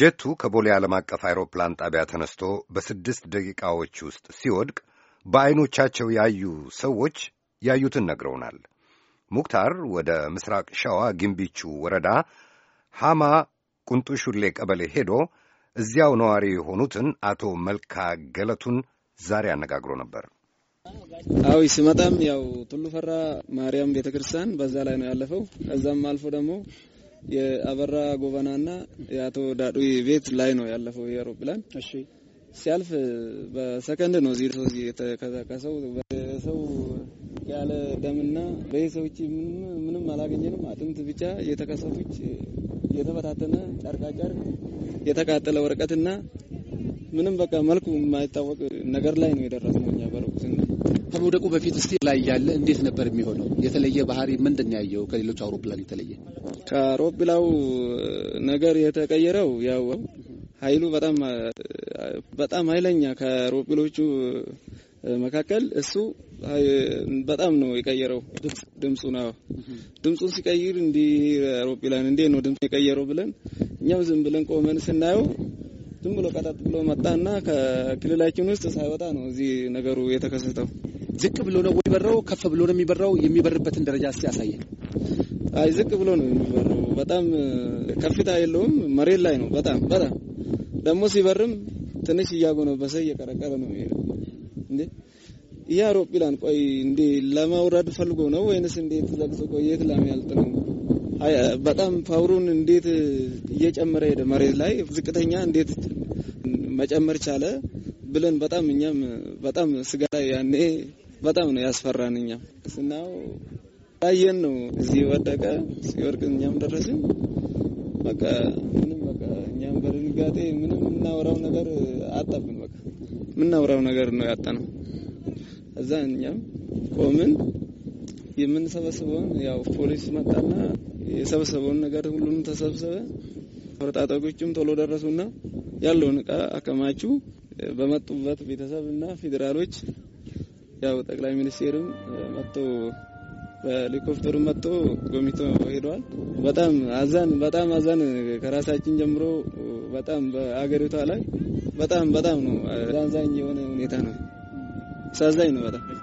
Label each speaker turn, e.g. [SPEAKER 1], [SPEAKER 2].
[SPEAKER 1] ጀቱ ከቦሌ ዓለም አቀፍ አይሮፕላን ጣቢያ ተነስቶ በስድስት ደቂቃዎች ውስጥ ሲወድቅ በዐይኖቻቸው ያዩ ሰዎች ያዩትን ነግረውናል። ሙክታር ወደ ምስራቅ ሸዋ ግንቢቹ ወረዳ ሐማ ቁንጡሹሌ ቀበሌ ሄዶ እዚያው ነዋሪ የሆኑትን አቶ መልካ ገለቱን ዛሬ አነጋግሮ ነበር።
[SPEAKER 2] አዊ ስመጣም ያው ቱሉ ፈራ ማርያም ቤተ ክርስቲያን በዛ ላይ ነው ያለፈው። ከዛም አልፎ ደግሞ
[SPEAKER 1] የአበራ
[SPEAKER 2] ጎበናና የአቶ ዳዱ ቤት ላይ ነው ያለፈው የአውሮፕላን ሲያልፍ በሰከንድ ነው ዜሮ ሶስት የተከሰከሰው ሰው ያለ ደምና በሰዎች ምንም ምንም አላገኘንም። አጥንት ብቻ የተከሰቱች የተበታተነ ጨርቃጨርቅ የተቃጠለ ወረቀትና ምንም በቃ መልኩ የማይታወቅ ነገር ላይ ነው የደረስነው እኛ በርኩትና ከመውደቁ በፊት እስቲ ላይ ያለ እንዴት ነበር የሚሆነው? የተለየ ባህሪ ምንድን ያየው ከሌሎች አውሮፕላን የተለየ? ከአውሮፕላው ነገር የተቀየረው ያው ኃይሉ በጣም በጣም ኃይለኛ ከአውሮፕሎቹ መካከል እሱ በጣም ነው የቀየረው። ድምፁ ነው ድምፁን ሲቀይር እንዲህ አውሮፕላን እንዴ ነው ድምፁ የቀየረው ብለን እኛም ዝም ብለን ቆመን ስናየው ዝም ብሎ ቀጠጥ ብሎ መጣና ከክልላችን ውስጥ ሳይወጣ ነው እዚህ ነገሩ የተከሰተው። ዝቅ ብሎ ነው ወይ ከፍ ብሎ ነው የሚበራው? የሚበርበትን ደረጃ እስቲ ያሳየን። አይ ዝቅ ብሎ ነው የሚበራው። በጣም ከፍታ የለውም። መሬት ላይ ነው። በጣም በጣም ደግሞ ሲበርም ትንሽ እያጎነበሰ እየቀረቀረ ነው የሚሄደው። እንዴ ይህ አውሮፕላን ቆይ እንዴ ለማውረድ ፈልጎ ነው ወይንስ እንዴት ዘግቶ ቆየት ለሚያልጥ ነው? በጣም ፓውሩን እንዴት እየጨመረ ሄደ መሬት ላይ ዝቅተኛ እንዴት መጨመር ቻለ ብለን በጣም እኛም በጣም ስጋ ላይ ያኔ በጣም ነው ያስፈራን። እኛም ስናው ላየን ነው እዚህ ወደቀ ሲወርቅ እኛም ደረስን። በቃ ምንም በቃ እኛም በድንጋጤ ምንም የምናወራው ነገር አጣብን። በቃ የምናወራው ነገር ነው ነው። እዛ እኛም ቆምን። የምንሰበስበውን ያው ፖሊስ መጣና የሰበሰበውን ነገር ሁሉንም ተሰብሰበ። ፈርጣጣቂዎችም ቶሎ ደረሱና ያለውን እቃ አከማቹ። በመጡበት ቤተሰብና ፌዴራሎች ያው ጠቅላይ ሚኒስቴርም መጥቶ በሄሊኮፕተሩ መጥቶ ጎሚቶ ሄደዋል። በጣም አዘን በጣም አዘን ከራሳችን ጀምሮ በጣም በአገሪቷ ላይ በጣም በጣም ነው አሳዛኝ የሆነ ሁኔታ ነው። አሳዛኝ ነው በጣም